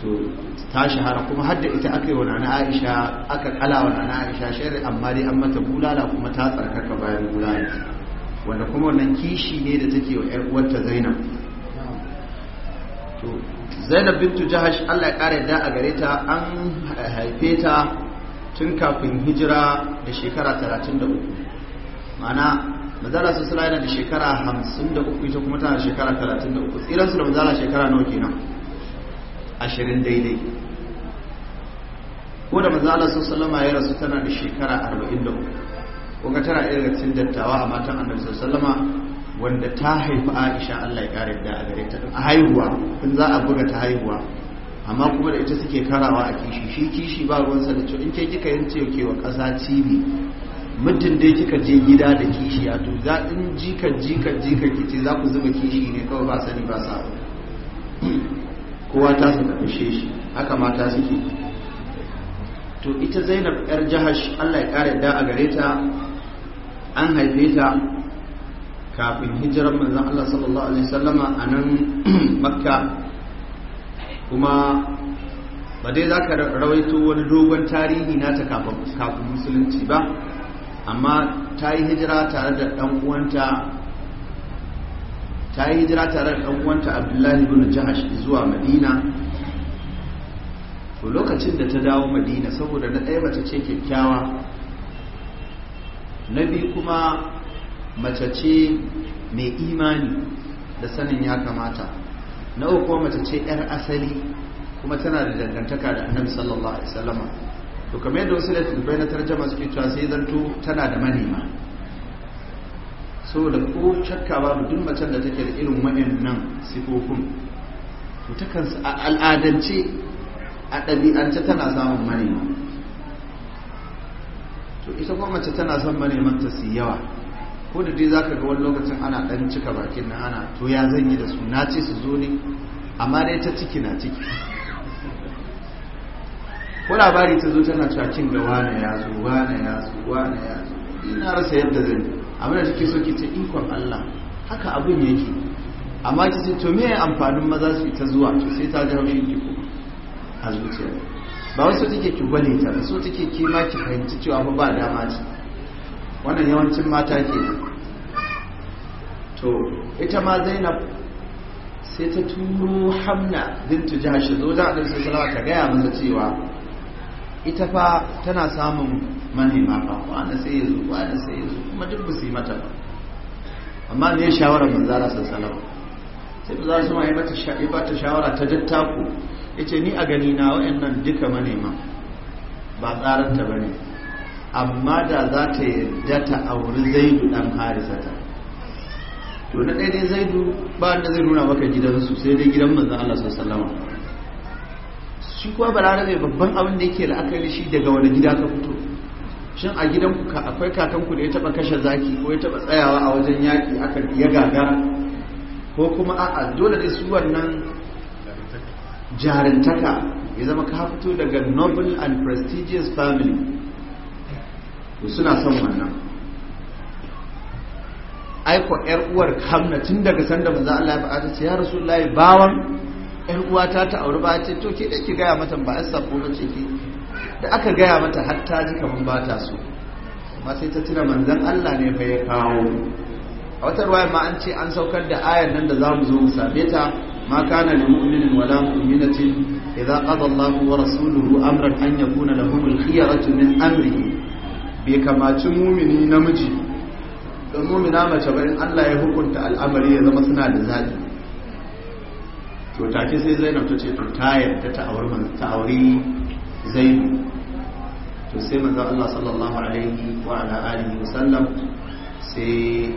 to ta shahara kuma hadda ita aka yi wa na aisha aka kala wa na aisha shari'a amma dai an mata bulala kuma ta tsarkaka bayan bulala wanda kuma wannan kishi ne da take wa 'yar uwarta zainab zainab bintu jahash allah ya kara yadda a gare ta an haife ta tun kafin hijira da shekara 33 ma'ana manzala su sula yana da shekara 53 ita kuma tana da shekara 33 tsiransu da mazala shekara nawa kenan 20 daidai ko da manzala su salama ya rasu tana da shekara 43 kuma tana irin daga cikin dattawa a matan annabi sallama wanda ta haifi aisha allah ya ƙarar da a gare ta a haihuwa in za a buga ta haihuwa amma kuma da ita suke karawa a kishi shi kishi ba sa da cewa in ke kika yin cewa ke wa ƙasa cibi muddin dai kika je gida da kishi a to za in jika jika jika kici za ku zuba kishi ne kawai ba sani ba sa kowa ta su fushe shi haka mata suke to ita zainab yar jahash allah ya ƙara da a gare ta an haife ta kafin hijirar manzan Allah sallallahu Alaihi wasallama a nan makka kuma ba dai za ka rawaito wani dogon tarihi na ta kafin musulunci ba amma ta yi hijira tare da ɗan'uwanta ta yi hijira tare da ɗan'uwanta abdullahi bin jahash zuwa madina to lokacin da ta dawo madina saboda na ɗaya mace ce kyakkyawa na biyu kuma mace ce mai imani da sanin ya kamata na uku mace ce 'yar asali kuma tana da dangantaka da annabi sallallahu alaihi wasallam to kamar yadda wasu bai na tarjama suke cewa sai zanto tana da manema saboda ko shakka babu duk macen da take da irin waɗannan sifofin to ta kansu a al'adance a ɗabi'ance tana samun manema to ita kuma mace tana son manemanta su yawa ko da dai zaka ga wani lokacin ana dan cika bakin na ana to ya zan yi da su na ce su zo ne amma dai ta ciki na ciki ko labari ta zo tana cewa kin ga wane ya zo wane ya zo wane ya zo ina rasa yadda zan yi amma da kike so ki ce ikon Allah haka abin yake amma ki ce to me amfanin maza su ta zuwa to sai ta ji haushin ki ko a zuciya ba wasu take ki bane ta so take ki ma ki fahimci cewa ba ba dama ce wannan yawancin mata ke to ita ma zainab sai ta turo hamna bintu jahashi zo da annabi sallallahu salawa ta gaya mana cewa ita fa tana samun manema fa wani sai yazo wani sai yazo kuma duk yi mata ba amma ne shawara manzara salawa sai ba za su ma yi bata ba ta shawara ta dattako ce ni a gani na nan duka manema ba tsaranta ne. amma da za ta yarda ta auri zaidu dan harisata to na ɗaya dai zaidu ba da zai nuna maka gidansu sai dai gidan manzan Allah sau sallama shi kuwa balarabe babban abin da yake la'akari shi daga wani gida ka fito shin a gidan ku akwai kakanku da ya taba kashe zaki ko ya taba tsayawa a wajen yaki aka ya gaga? ko kuma a'a dole dai su wannan jarintaka ya zama ka fito daga noble and prestigious family to suna son wannan aiko yar uwar hamna tun daga sanda manzo Allah ya ta ce ya rasulullahi bawan yar uwata ta aure ba ce to ke dake ga gaya mata ba an sako ba ce ke? da aka gaya mata har ta ji kaman ba ta so amma sai ta tuna manzon Allah ne fa ya kawo a wata ruwaya ma an ce an saukar da ayar nan da zamu zo mu same ta ma kana lil mu'minin la mu'minatin idza qada Allahu wa rasuluhu amran an yakuna lahumul khiyaratu min amrihi bai kamaci mumini namiji don mumina mace bayan Allah ya hukunta al'amari ya zama suna da zaɓi to take sai zainab ta ce to ta yarda ta auri ta to sai manzo Allah sallallahu alaihi wa ala alihi wa sallam sai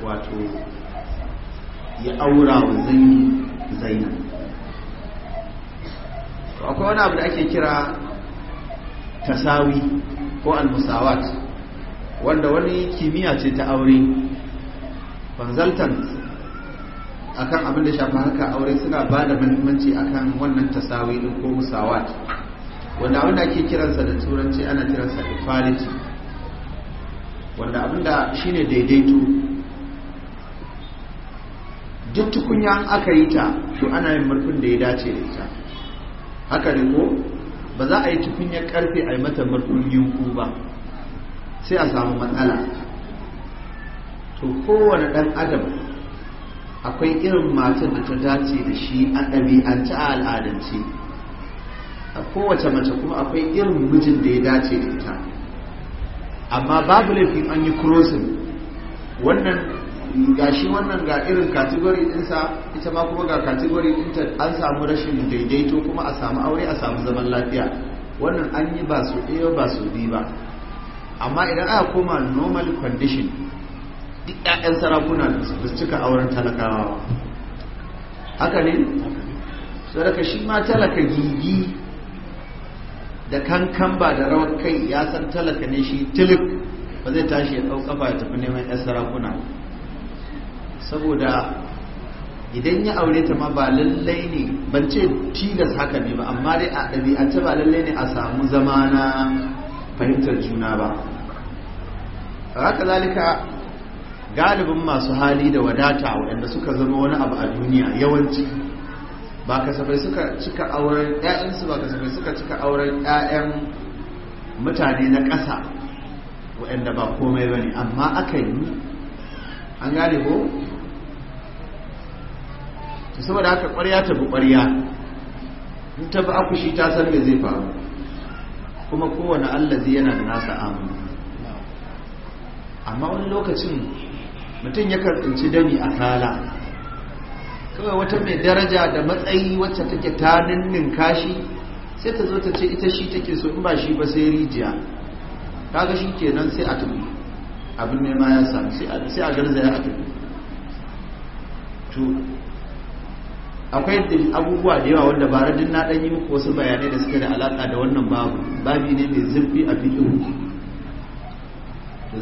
wato ya aura wa zainab to akwai wani abu da ake kira tasawi ko al-musawat wanda wani kimiyya ce ta aure consultant akan abin da shafa haka aure suna ba da muhimmanci akan wannan tasawi din ko musawat wanda wanda ake kiransa da turanci ana kiransa equality wanda abin da shine daidaito duk tukunya aka yi ta to ana yin murfin da ya dace da ita haka ne ko ba za a yi tukunyar karfe a yi mata markulin ku ba sai a samu matsala to kowane ɗan adam akwai irin matan da ta dace da shi a ɗabi'ance a al'adance a kowace mace kuma akwai irin mijin da ya dace da ita amma babu laifin an yi kurosin wannan ga shi wannan ga irin kategori ɗinsa ita ma kuma ga kategori ɗinta an samu rashin daidaito kuma a samu aure a samu zaman lafiya wannan an yi ba su ɗaya ba su biyu ba amma idan aka koma normal condition duk 'ya'yan sarakuna da su cika auren talakawa haka ne daga shi ma talaka gigi da kankan ba da rawar kai ya san talaka ne shi tilif ba zai tashi ya ɗau kafa ya tafi neman 'yan sarakuna saboda idan ya aure ta ma ba lallai ne ban ce tilas haka ne ba amma dai a ce ba lallai ne a samu zama na fahimtar juna ba haka zalika galibin masu hali da wadata waɗanda suka zama wani abu a duniya yawanci ba kasafai suka cika auren ƴaƴansu ba kasafai suka cika auren 'ya'yan mutane na ƙasa waɗanda ba komai ba ne amma aka yi an gane ko saboda haka kwarya ta bi ƙwarya in ta fi akushi ta san me zai faru kuma kowane allah zai yana da nasa amu amma wani lokacin mutum ya karɓinci dami a kala kawai wata mai daraja da matsayi wacce take ta ninnin kashi sai ta zo ta ce ita shi take so in ba shi ba sai rijiya kaga shi kenan sai a tafi abin nema ya samu sai a garzaya a tafi akwai abubuwa da yawa wanda ba radin na ɗan yi muku wasu bayanai da suke da alaka da wannan babu babi ne mai zurfi a fiƙin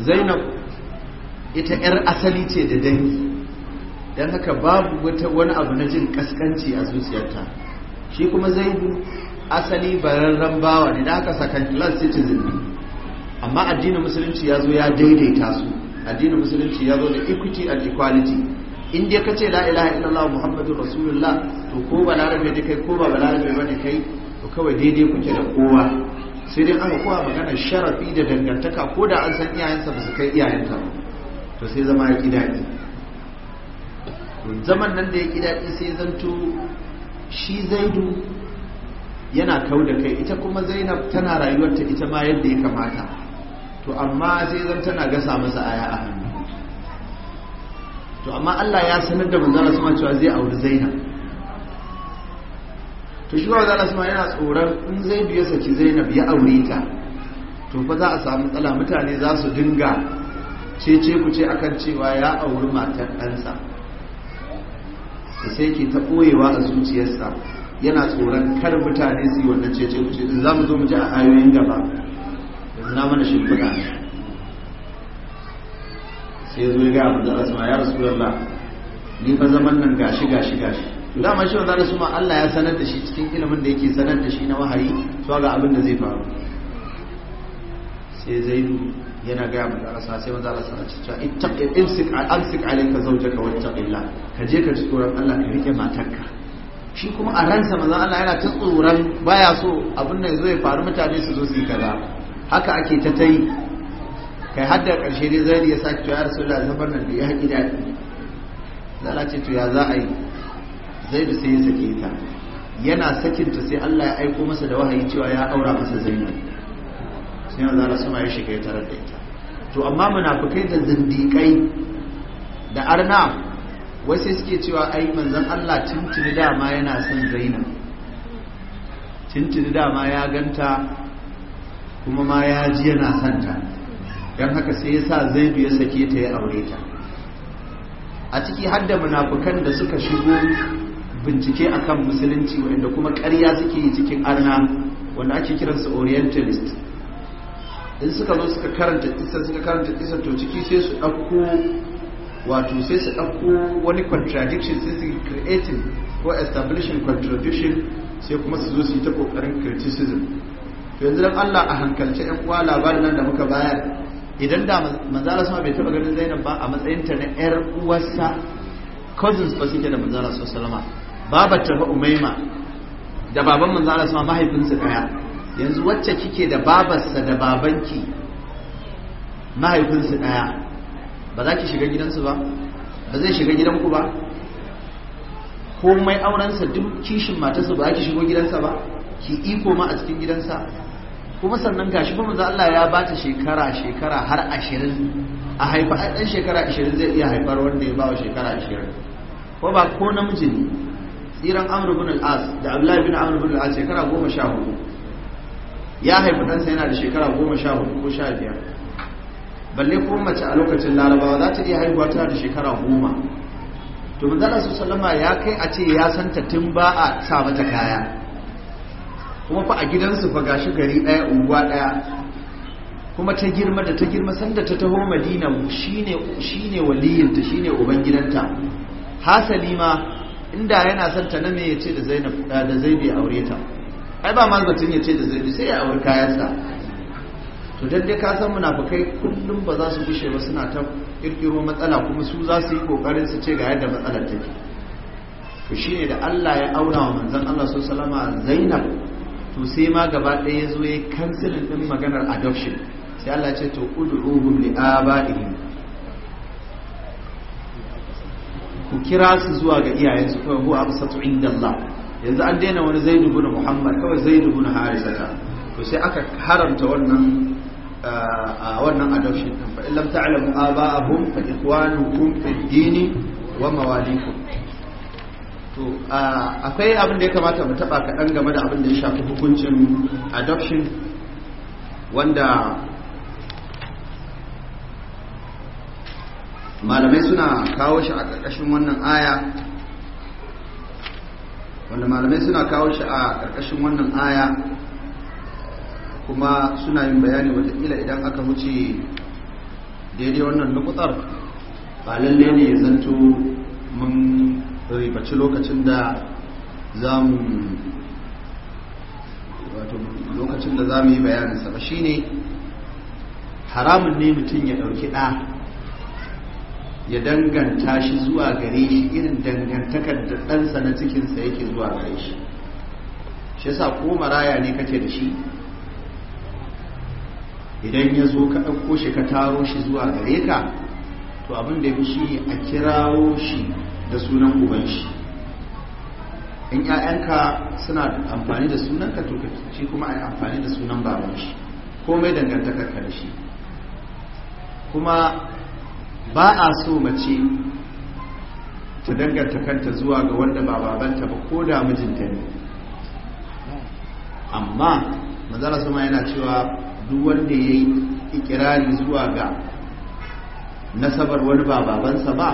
zainab ita 'yar asali ce da dangi Dan haka babu wata wani abu na jin kaskanci a zuciyarta shi kuma zaidu asali bararren bawa ne da haka class citizen amma addinin musulunci ya zo ya daidaita su addinin musulunci ya zo da equity and equality in dai ka ce la ilaha illallah muhammadu rasulullah to ko balarabe da kai ko ba balarabe ba ne kai to kawai daidai kuke da kowa sai dai aka kowa magana sharafi da dangantaka ko da an san iyayensa ba su kai iyayenta ba to sai zama ya daɗi zaman nan da ya daɗi sai zanto shi zaidu yana kau da kai ita kuma zainab tana rayuwarta ita ma yadda ya kamata to amma sai zan tana gasa masa aya a hannu to amma Allah ya sanar da manzara suma cewa zai auri zainab to shi manzara sama yana tsoron in zai biya saki zainab ya aure ta to fa za a samu tsala mutane za su dinga cece ku ce akan cewa ya auri matar ɗansa da sai ke ta ɓoyewa a zuciyarsa yana tsoron kar mutane su yi wannan cece ku ce za mu zo mu ji a ayoyin gaba yanzu na mana shimfiɗa sai zo ya ga abu da Asma ya rasulullah ni fa zaman nan gashi gashi gashi to ma shi manzo Allah Allah ya sanar da shi cikin ilimin da yake sanar da shi na wahayi to ga abin da zai faru sai zaidu yana ga abu da Asma sai manzo Allah sama in cewa ittaqi imsik amsik alayka zawjaka wattaqillah ka je ka ji tsoron Allah ka rike matarka shi kuma a ransa manzo Allah yana ta tsoron baya so abin ya zo ya faru mutane su zo su yi kaza haka ake ta yi. kai har karshe dai zai ya sake ya rasulullah zan bar nan da ya haƙi daɗi zala ce to ya za a yi zai da sai ya sake ta yana sakinta sai Allah ya aiko masa da wahayi cewa ya aura masa zainab sai manzo zara sama ya shiga ya tarar da ita to amma munafikai da zindiƙai da arna wai sai suke cewa ai manzon Allah tuntuni dama yana son Zaina. tuntuni dama ya ganta kuma ma ya ji yana son ta don haka sai ya sa zaidu ya sake ta ya aure ta a ciki har da munafukan da suka shigo bincike a kan musulunci wanda kuma ƙarya suke yi cikin arna wanda ake su orientalist in suka zo suka karanta isa suka karanta isa to ciki sai su ɗauko wato sai su ɗauko wani contradiction sai su creating ko establishing contradiction sai kuma su zo su yi ta ƙoƙarin criticism to yanzu don allah a hankalce yan uwa labarin nan da muka bayar idan da manzala sama bai taba ganin zainab ba a matsayin ta na yar uwarsa cousins ba suke da manzala sallama babar ta fa umaima da baban manzala sama mahaifinsa daya yanzu wacce kike da babarsa da babanki mahaifinsu daya ba za ki shiga gidansu ba ba zai shiga gidanku ba komai aurensa duk kishin matarsa ba za ki shigo gidansa ba ki iko ma a cikin gidansa kuma sannan gashi kuma manzo Allah ya ba ta shekara shekara har 20 a haifa dan shekara 20 zai iya haifar wanda ya ba wa shekara 20 ko ba ko namiji ne tsiran Amr bin al-As da Abdullahi Bin Amr ibn al-As shekara 14 ya haifa ɗansa yana da shekara 14 ko 15 balle ko mace a lokacin larabawa za ta iya haihuwa tana da shekara 10 to manzo su sallallahu ya kai a ce ya santa tun ba a sa mata kaya kuma fa a gidansu fa gashi gari ɗaya unguwa ɗaya kuma ta girma da ta girma sanda ta taho madina shine shine waliyinta shine uban gidanta hasali ma inda yana son ta name ya ce da zainab da zaibi aure ta ai ba ma zancin ya ce da zaibi sai ya aure kayansa to dan dai ka san munafikai kullum ba za su gushe ba suna ta kirkiro matsala kuma su za su yi kokarin su ce ga yadda matsalar take to shine da Allah ya aura wa manzon Allah sallallahu alaihi wasallam Zainab to sai ma gaba ɗaya ya zo ya kansilin ɗin maganar adoption sai Allah ce to a li aba'ihim ku kira su zuwa ga iyayensu kawai huwa absatu inda Allah yanzu an daina wani zai dubu na Muhammad kawai zai zaidu na Harisata to sai aka haramta wannan a wannan adoption din fa illam ta'lamu aba'ahum fa ikwanukum fid dini wa mawalikum to akwai abin da ya kamata mu taba kaɗan game da abin da ya shafi hukuncin adoption wanda malamai suna kawo shi a ƙarƙashin wannan aya wanda malamai suna kawo shi a ƙarƙashin wannan aya kuma suna yin bayani watakila idan aka wuce daidai wannan nukutar ba lalle ne ya zanto mun ribaci lokacin da za mu wato lokacin da za mu yi bayanin ba shine haramun ne mutum ya ɗauki da ya danganta shi zuwa gare shi irin dangantakar da ɗansa na cikinsa yake zuwa gare shi shi yasa ko maraya ne kake da shi idan ya zo ka ɗauko shi ka taro shi zuwa gare ka to abin da ya fi shi a kirawo shi da sunan uban shi in ‘ya'yanka suna amfani da sunan ka to shi kuma a amfani da sunan baban shi komai dangantakar ka da shi kuma ba a so mace ta danganta kanta zuwa ga wanda ba babanta ba ko da mijinta ne amma mazara sama yana cewa duk wanda ya yi ikirari zuwa ga nasabar wani ba babansa ba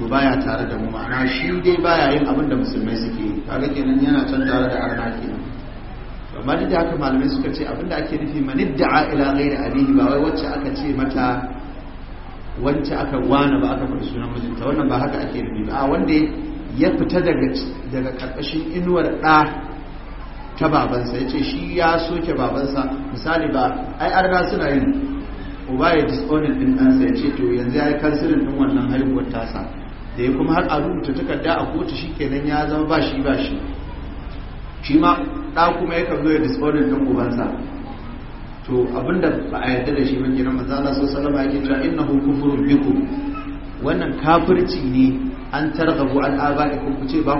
to baya tare da mu ma'ana shi dai baya yin abin da musulmai suke yi kaga kenan yana can tare da arna kenan to duk da haka malamai suka ce abin da ake nufi da'a ila ghairi abihi ba wai wacce aka ce mata wacce aka wani ba aka faɗi sunan mijinta wannan ba haka ake nufi ba wanda ya fita daga daga karkashin inuwar ɗa ta babansa ya ce shi ya soke babansa misali ba ai arna suna yin uba ya disownin ɗin ɗansa ya ce to yanzu ya yi kansilin ɗin wannan haihuwar tasa da ya kuma har a rubuta takarda a kotu shi kenan ya zama ba shi ba shi shi ma ɗa kuma ya zo ya disorder ɗin ubansa to abinda ba a yarda da shi ba kenan manzo Allah sallallahu alaihi jira ina hukun kufurun biku wannan kafirci ne an targabu an abaikum ku ce ba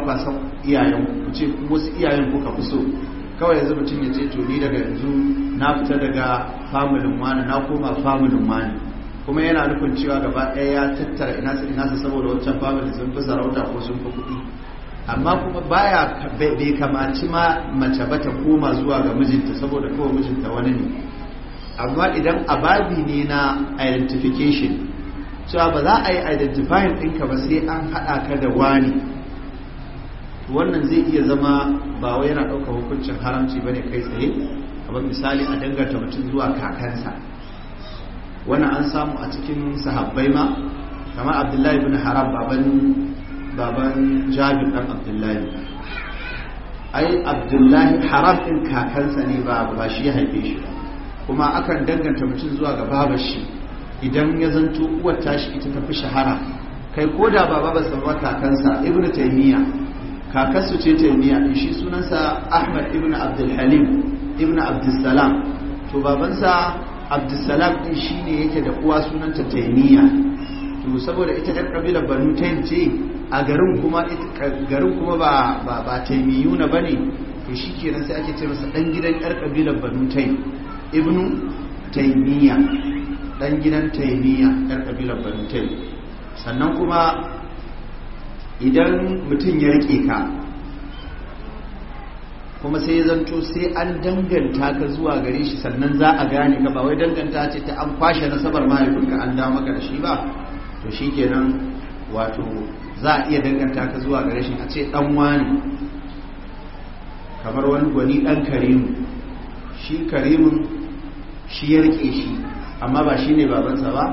iyayen wasu iyayen kuka fi so kawai yanzu mutum ya ce to ni daga yanzu na fita daga familin wani na koma familin wani kuma yana nufin cewa gaba ɗaya ya tattara ina su ina su saboda wancan family sun fi sarauta ko sun fi kuɗi amma kuma baya bai kamaci ma mace ba ta koma zuwa ga mijinta saboda kawai mijinta wani ne amma idan ababi ne na identification cewa ba za a yi identifying dinka ba sai an haɗa ka da wani wannan zai iya zama ba wai yana ɗaukar hukuncin haramci ba ne kai tsaye kamar misali a danganta mutum zuwa kakansa Wani an samu a cikin sahabbai ma kamar abdullahi bin haram baban jabi ɗan abdullahi ai abdullahi haram ɗin kakansa ne ba ba shi ya haife shi kuma akan danganta mutum zuwa ga babar shi idan ya zanto uwar tashi ita ta fi shahara kai ko da ba babar sa ba kakansa ibnu taymiya kakansu ce taymiya din shi sunansa ahmad Ibn abdul halim ibnu abdul to babansa abdulsalam din ne yake da uwa sunanta taimiya to saboda ita ɗan ƙabilar banu taim ce a garin kuma garin kuma ba ba ba na bane to kenan sai ake ce masa dan gidan ɗan ƙabilar banu taim ibnu taimiya Ɗan gidan taimiya ɗan ƙabilar banu taim sannan kuma idan mutum ya rike ka kuma sai ya zanto sai an danganta ka zuwa gare shi sannan za a gane ka ba wai danganta ce ta an kwashe nasabar mahaifinka an dawo maka da shi ba to shi kenan wato za a iya danganta ka zuwa gare shi a ce dan wani kamar wani gwani dan karimu shi karimun shi ya rike shi amma ba shi ne babansa ba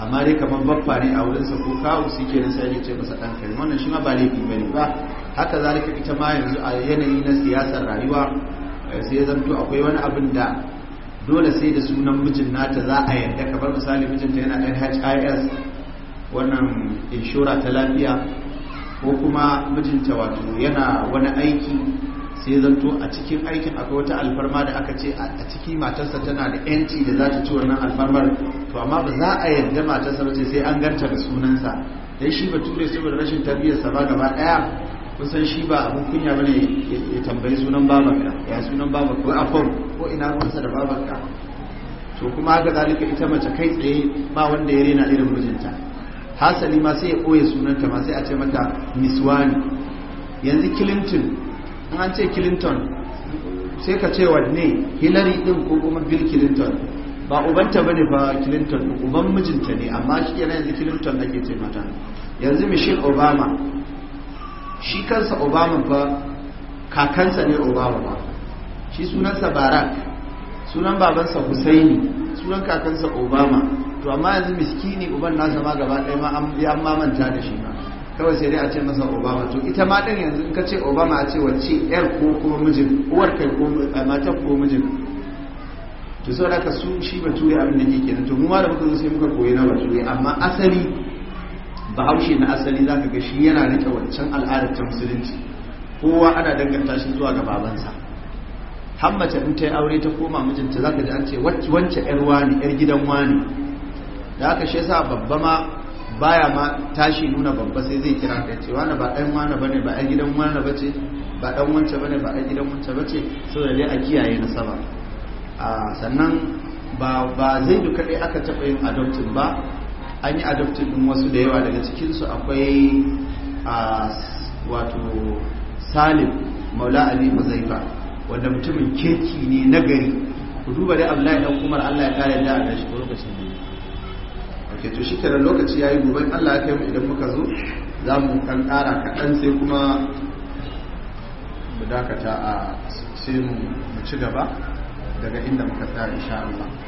amma dai kamar baffa ne a wurinsa ko kawo su ke sai ya ce masa dan karimu wannan shi ma ba laifi bane ba haka zalika ita ma yanzu a yanayi na siyasar rayuwa eh, sai zanto akwai wani abin da dole sai da sunan mijin nata za a yarda kamar misali mijinta yana NHIS wannan inshora ta lafiya ko kuma mijinta wato yana wani aiki sai zanto a cikin aikin akwai wata alfarma da aka ce a ciki matarsa tana da yanci da za ta ci wannan alfarmar to amma ba za a yarda matarsa ba sai an ganta da sunansa dan shi ba bature saboda rashin tafiyarsa ba gaba daya kusan shi ba abin kunya bane ya tambayi sunan babanka ya sunan babanka ko afon ko ina wansa da babanka to kuma haka zalika ita mace kai tsaye ba wanda ya rena irin mijinta hasali ma sai ya koya sunanta ma sai a ce mata miswani yanzu clinton in an ce clinton sai ka ce wanne hillary din ko kuma bill clinton ba ubanta bane ba clinton uban mijinta ne amma shi yana yanzu clinton ake ce mata yanzu michelle obama shi kansa obama ba kakansa ne obama ba shi sunansa barak sunan babansa husaini sunan kakansa obama to amma yanzu miskini uban nasa ma gaba ɗaya ma ya mamanta da shi ma kawai sai dai a ce masa obama to ita ma ɗin yanzu in ka ce obama a ce wacce yar ko kuma mijin uwar kai ko matar ko mijin to sau da ka su shi bature abin da ke kenan to mu ma da muka zo sai muka koyi na bature amma asali bahaushe na asali za ka ga shi yana rike wancan al'adar ta musulunci kowa ana danganta shi zuwa ga babansa hammace in ta yi aure ta koma mijinta za ka ji an ce wacce yar wani yar gidan wani da aka shi yasa babba ma baya ma tashi nuna babba sai zai kira ka ce wani ba ɗan wani bane ba ɗan gidan wani ba ce ba ɗan wance bane ba ɗan gidan wance ba ce saboda dai a kiyaye nasaba sannan ba zai duka ɗaya aka taɓa yin adoptin ba an yi adoptin din wasu da yawa daga cikinsu akwai a wato salim maula ali muzaifa wanda mutumin kirki ne na gari. ku duba dai abdullahi dan umar allah ya kare da a shi lokacin ok to shi kira lokaci ya yi gobe allah ya kai idan muka zo za mu kan kara kaɗan sai kuma mu dakata a sai mu ci gaba daga inda muka tsaya sha Allah